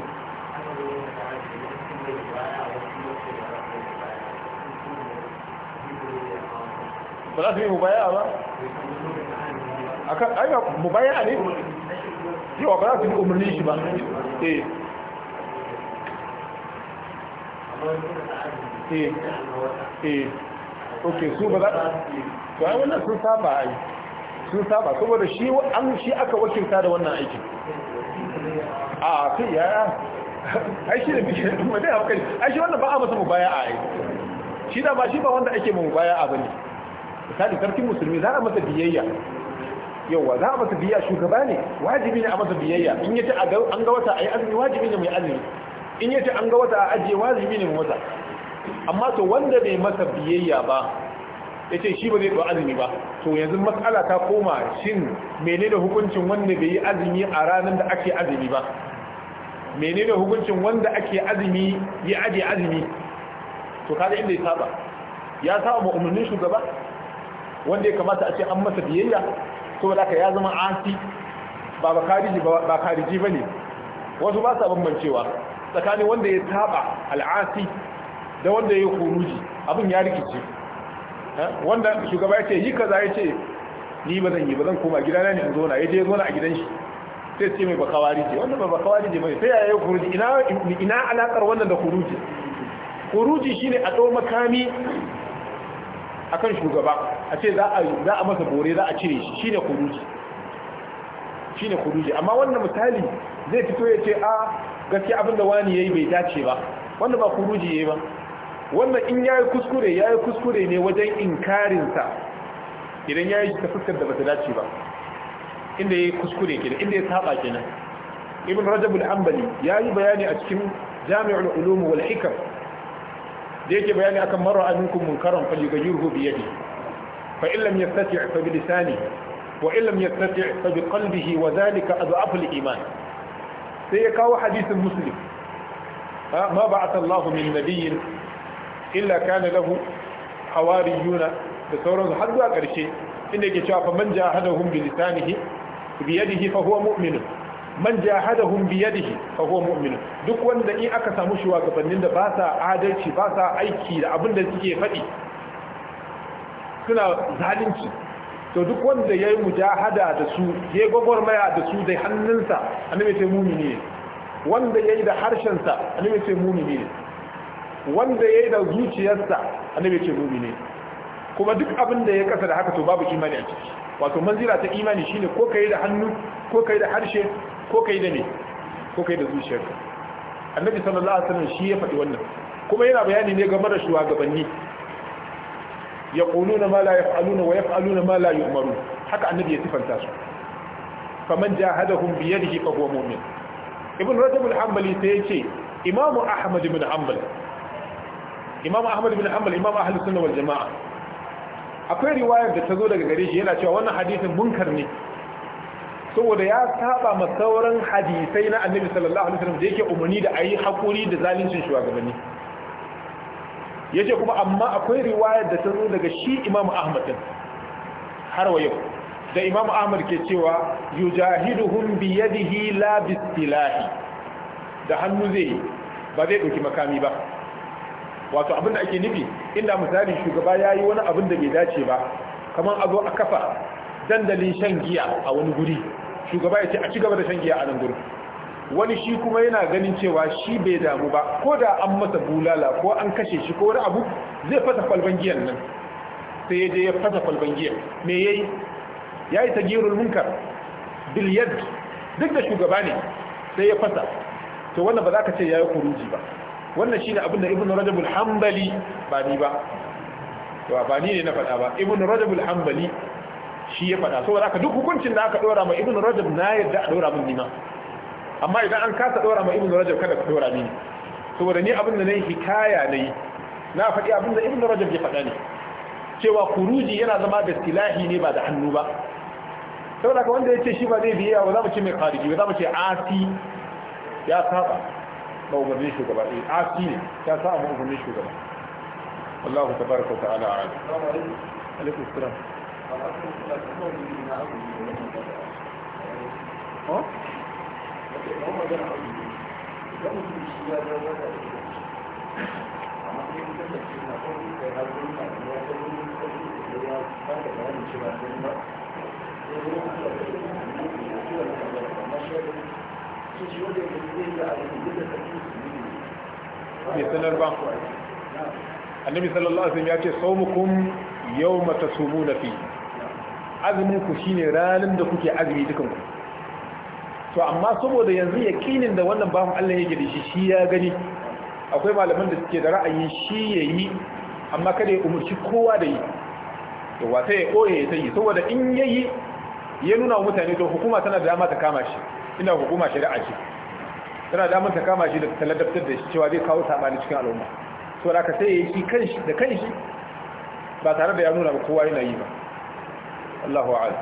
ba za su yi mubaya ba a kan mubaya ne yawa ba za su yi umarni shi ba eh eh eh ok su ba za su yi wannan sun saba a yi sun saba saboda shi an shi aka wakilta da wannan aikin a kai ya ai shi da muke madai hankali ai shi wannan ba a masa a aiki shi da ba shi ba wanda ake a bane misali sarkin musulmi za a masa biyayya yauwa za a masa biyayya shugaba ne wajibi ne a masa biyayya in yace an ga wata ai azumi wajibi ne mai azumi in yace an ga wata a ajiye wajibi ne mu wata amma to wanda bai masa biyayya ba ya ce shi ba zai ɗau azumi ba to yanzu matsala ta koma shin menene hukuncin wanda bai yi azumi a ranar da ake azumi ba menene hukuncin wanda ake azumi ya aje azumi to kaga inda ya saba ya saba ma umarnin shugaba wanda ya kamata a ce an masa biyayya To haka ya zama asi ba ba kariji ba kariji bane wasu ba sa bambancewa tsakanin wanda ya saba al'asi da wanda ya yi kuruji abin ya rikice wanda shugaba ya ce yi kaza ya ce ni ba zan yi ba zan koma gidana ne in zona ya je zona a gidan shi sai ce mai bakawari ce wannan ba bakawari ce mai sai ya yi kuruji ina alaƙar wannan da kuruji kuruji shine a tsohon makami akan shugaba a ce za a masa bore za a cire shi shine kuruji ne kuruji amma wannan misali zai fito ya ce a gaskiya abinda wani ya yi bai dace ba wanda ba kuruji yi ba wannan in ya yi kuskure ya yi kuskure ne wajen inkarin sa idan yayi ta fuskar da bata dace ba inda ya yi kuskure kenan inda ya saba kenan ibn rajab al ya yi bayani a cikin jami'ul ulum wal hikam da yake bayani akan marra minkum munkaran falyughayyirhu bi yadihi fa in lam yastati' fa bi lisanihi wa in lam yastati' fa bi qalbihi wa dhalika a al-iman sai ya kawo hadisin muslim ma ba'atha Allahu min nabiyyin illa kana lahu hawariyuna da sauransu har zuwa ƙarshe inda yake cewa fa man jahadahum bi lisanihi bi yadihi fa huwa mu'min man jahadahum bi yadihi fa huwa mu'min duk wanda in aka samu gabanin da ba sa adalci ba sa aiki da abin da suke faɗi suna zalunci to duk wanda ya yi mujahada da su ya yi gwagwarmaya da su da hannunsa annabi sai mumini ne wanda ya yi da harshensa annabi sai mumini ne wanda ya yi da zuciyarsa annabi ce ne. kuma duk abin da ya kasa da haka to babu imani a ciki wato manzira ta imani shine ko kai da hannu ko kai da harshe ko kai da ne ko kai da zuciyarka annabi sallallahu alaihi wasallam shi ya faɗi wannan kuma yana bayani ne game da shugabanni yaquluna ma la yaf'aluna wa yaf'aluna ma la yu'marun haka annabi ya sifanta su faman jahadahum bi yadihi fa huwa mu'min ibn rajab al-hanbali sai yace imamu ahmad ibn hanbal imam ahmad bin hanbal imam ahlus sunna wal jamaa akwai riwayar da ta zo daga gare shi yana cewa wannan hadisin munkar ne saboda ya saba ma sauran hadisai na annabi sallallahu alaihi wasallam da yake umarni da ayi hakuri da zaluncin shugabanni yace kuma amma akwai riwayar da ta zo daga shi imam ahmad din har wa yau da imam ahmad ke cewa yujahiduhum bi yadihi la bistilahi da hannu zai ba zai dauki makami ba wato abin da ake nufi inda misali shugaba ya yi wani abin da bai dace ba kamar a zo a kafa dandalin shan giya a wani guri shugaba ya ce a ci gaba da shan giya a nan gurin wani shi kuma yana ganin cewa shi bai damu ba ko da an masa bulala ko an kashe shi ko wani abu zai fasa kwalban giyan nan sai ya je ya fasa kwalban giyan me yayi yayi ta gerul munkar bil duk da shugaba ne sai ya fasa to wannan ba za ka ce ya yi kuruji ba wannan shine abin da ibnu rajab al-hanbali ba ni ba to ba ni ne na faɗa ba ibnu rajab al-hanbali shi ya faɗa So haka duk hukuncin da aka dora ma ibnu rajab na yadda a dora min ma. amma idan an kasa dora ma ibnu rajab kada ka dora mini saboda ni abin da nayi hikaya nayi na faɗi abin da ibnu rajab ya faɗa ne cewa kuruji yana zama da silahi ne ba da hannu ba saboda haka wanda ya ce shi ba zai biya ba za mu ce mai khariji ba za mu ce asi ya saba ba umarnin shugaba eh asi ne ta sa mu umarnin shugaba Allahu tabaraka wa ta'ala a'lam alaikum salam Oh? Thank you. Mai sanar ba annabi sallallahu alaihi wasallam ya ce saumukum yawma tasumuna fi azumin ku shine ranar da kuke azumi dukan ku to amma saboda yanzu yakinin da wannan bawan Allah yake da shi shi ya gani akwai malaman da suke da ra'ayi shi yayi amma kada ya umurci kowa da yi to wata ya koye ya yi saboda in yayi ya nuna wa mutane to hukuma tana da dama ta kama shi ina hukuma shari'a ce tana damar ta kama shi da ta da shi cewa zai kawo sabani cikin al'umma so da ka sai ya yi shi da kanshi ba tare da ya nuna ba kowa yana yi ba Allahu a'ala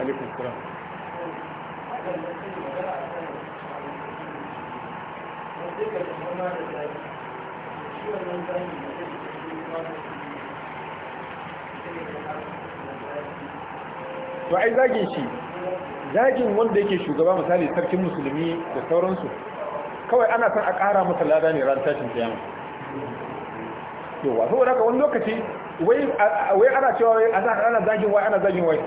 alaikum to zagin shi zagin wanda yake shugaba misali sarkin musulmi da sauransu kawai ana son a kara masa lada ne ran tashin kiyama yawa saboda haka wani lokaci wai ana cewa wai ana zagin wai ana zagin wai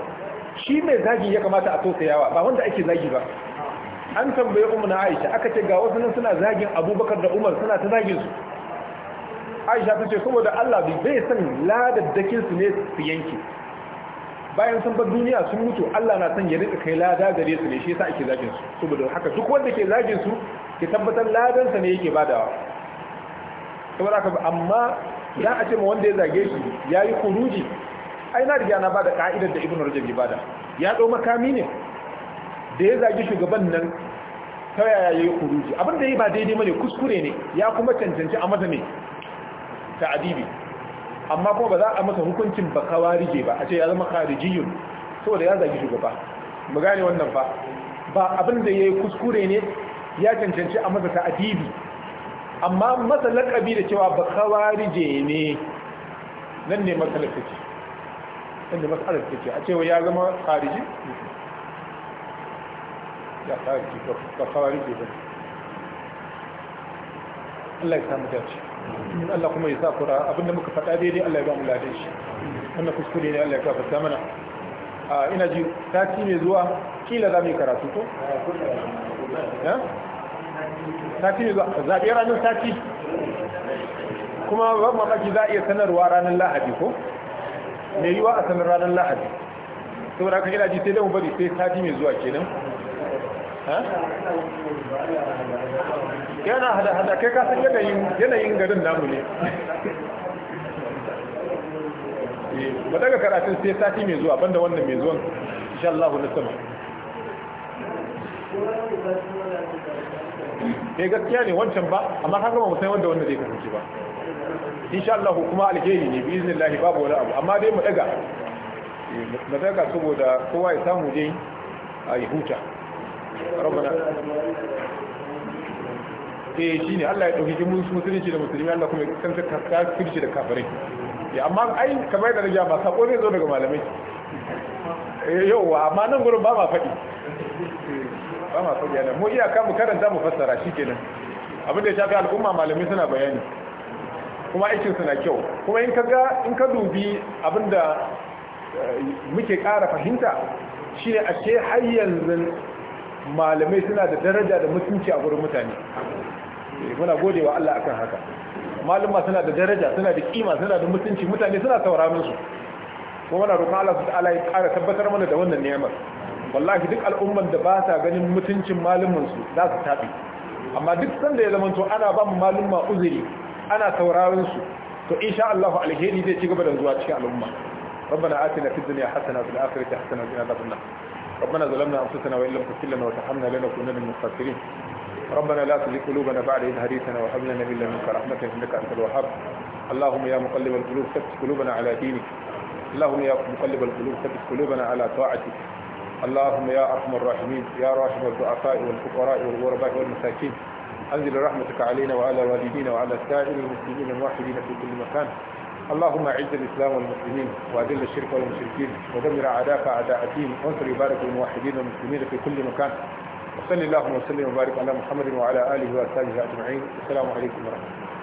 shi mai zagi ya kamata a tausayawa ba wanda ake zagi ba an tambaye umu na aisha aka ce ga wasu nan suna zagin abubakar da umar suna ta zagin su aisha ta ce saboda allah bai san dakin su ne su yanke bayan sun bar duniya sun mutu Allah na san ya rika kai lada gare su ne shi yasa ake zagin su saboda haka duk wanda ke zagin su ke tabbatar ladan sa ne yake badawa saboda haka amma za a ce ma wanda ya zage shi yayi kuruji ai na riga na bada ka'idar da Ibn Rajab ya bada ya dau makami ne da ya zagi shugaban nan ta yaya yayi kuruji abin da yayi ba daidai bane kuskure ne ya kuma cancanci a masa ta adibi amma kuma ba za a masa hukuncin ba kawarije ba a ce ya zama so saboda ya zagi shugaba mu gane wannan fa ba abin da yayi kuskure ne ya cancanci a masa ta'adibi amma masa lakabi da cewa ba kawarije ne nan ne matsalar take nan ne matsalar take a cewa ya zama kariji ya khariji ba kawarije ba Allah ya samu dace in Allah kuma ya sa kura abinda muka faɗa daidai Allah ya ba mu ladan shi wannan kuskure ne Allah ya gafarta mana a ina ji ta ci ne zuwa kila za mu yi karatu ko ci ne zuwa zaɓe ranar ta ci kuma ba mu kaji za a iya sanarwa ranar lahadi ko mai yiwa a sanar ranar lahadi saboda ka ina ji sai da mu bari sai ta ci ne zuwa kenan yana hada-hada kai kasan yanayin garin namu ne ba eh, daga karatun sai sati mai zuwa banda wannan mai zuwan insha Allah na sama eh gaskiya ne wancan ba amma kan gama musamman wanda wanda zai kasance ba insha Allah kuma alheri ne biyu zinin lahi babu wani abu amma dai mu daga eh, mu daga saboda kowa ya samu dai a yi huta rabbana eh shine Allah ya ɗauki mun musulunci da musulmi Allah kuma ya kanta kafirci da kafirai ya amma ai kamar da rija ba sako ne zo daga malamai yauwa amma nan gurin ba ma faɗi ba ma faɗi yana mu iya mu karanta mu fassara shi kenan abin da ya shafi al'umma malamai suna bayani kuma aikin suna kyau kuma in ka ga in ka dubi abin da muke ƙara fahimta shine ce har yanzu malamai suna da daraja da mutunci a gurin mutane eh, muna gode wa Allah akan haka malama suna da daraja suna da kima suna da mutunci mutane suna sauraron su kuma muna roƙon Allah ta'ala ya ƙara tabbatar mana da wannan ni'imar wallahi duk al'umman da ba sa ganin mutuncin malumin su za su tafi amma duk sanda ya zamanto ana ba mu uzuri ana sauraron su to insha Allah alheri zai ci gaba da zuwa cikin al'umma ربنا آتنا في الدنيا حسنة وفي الآخرة حسنة وقنا عذاب النار ربنا ظلمنا أنفسنا وإن لم تغفر لنا وترحمنا لنكونن من الخاسرين ربنا لا تزغ قلوبنا بعد إذ هديتنا وهب لنا من لدنك رحمة إنك أنت الوهاب اللهم يا مقلب القلوب ثبت قلوبنا على دينك اللهم يا مقلب القلوب ثبت قلوبنا على طاعتك اللهم يا أرحم الراحمين يا راحم الضعفاء والفقراء والغرباء والمساكين أنزل رحمتك علينا وعلى والدينا وعلى سائر المسلمين الموحدين في كل مكان اللهم اعز الإسلام والمسلمين وأذل الشرك والمشركين ودمر أعداءك أعداء الدين وانصر يبارك الموحدين والمسلمين في كل مكان وصل اللهم وسلم وبارك على محمد وعلى آله وأصحابه أجمعين السلام عليكم ورحمة الله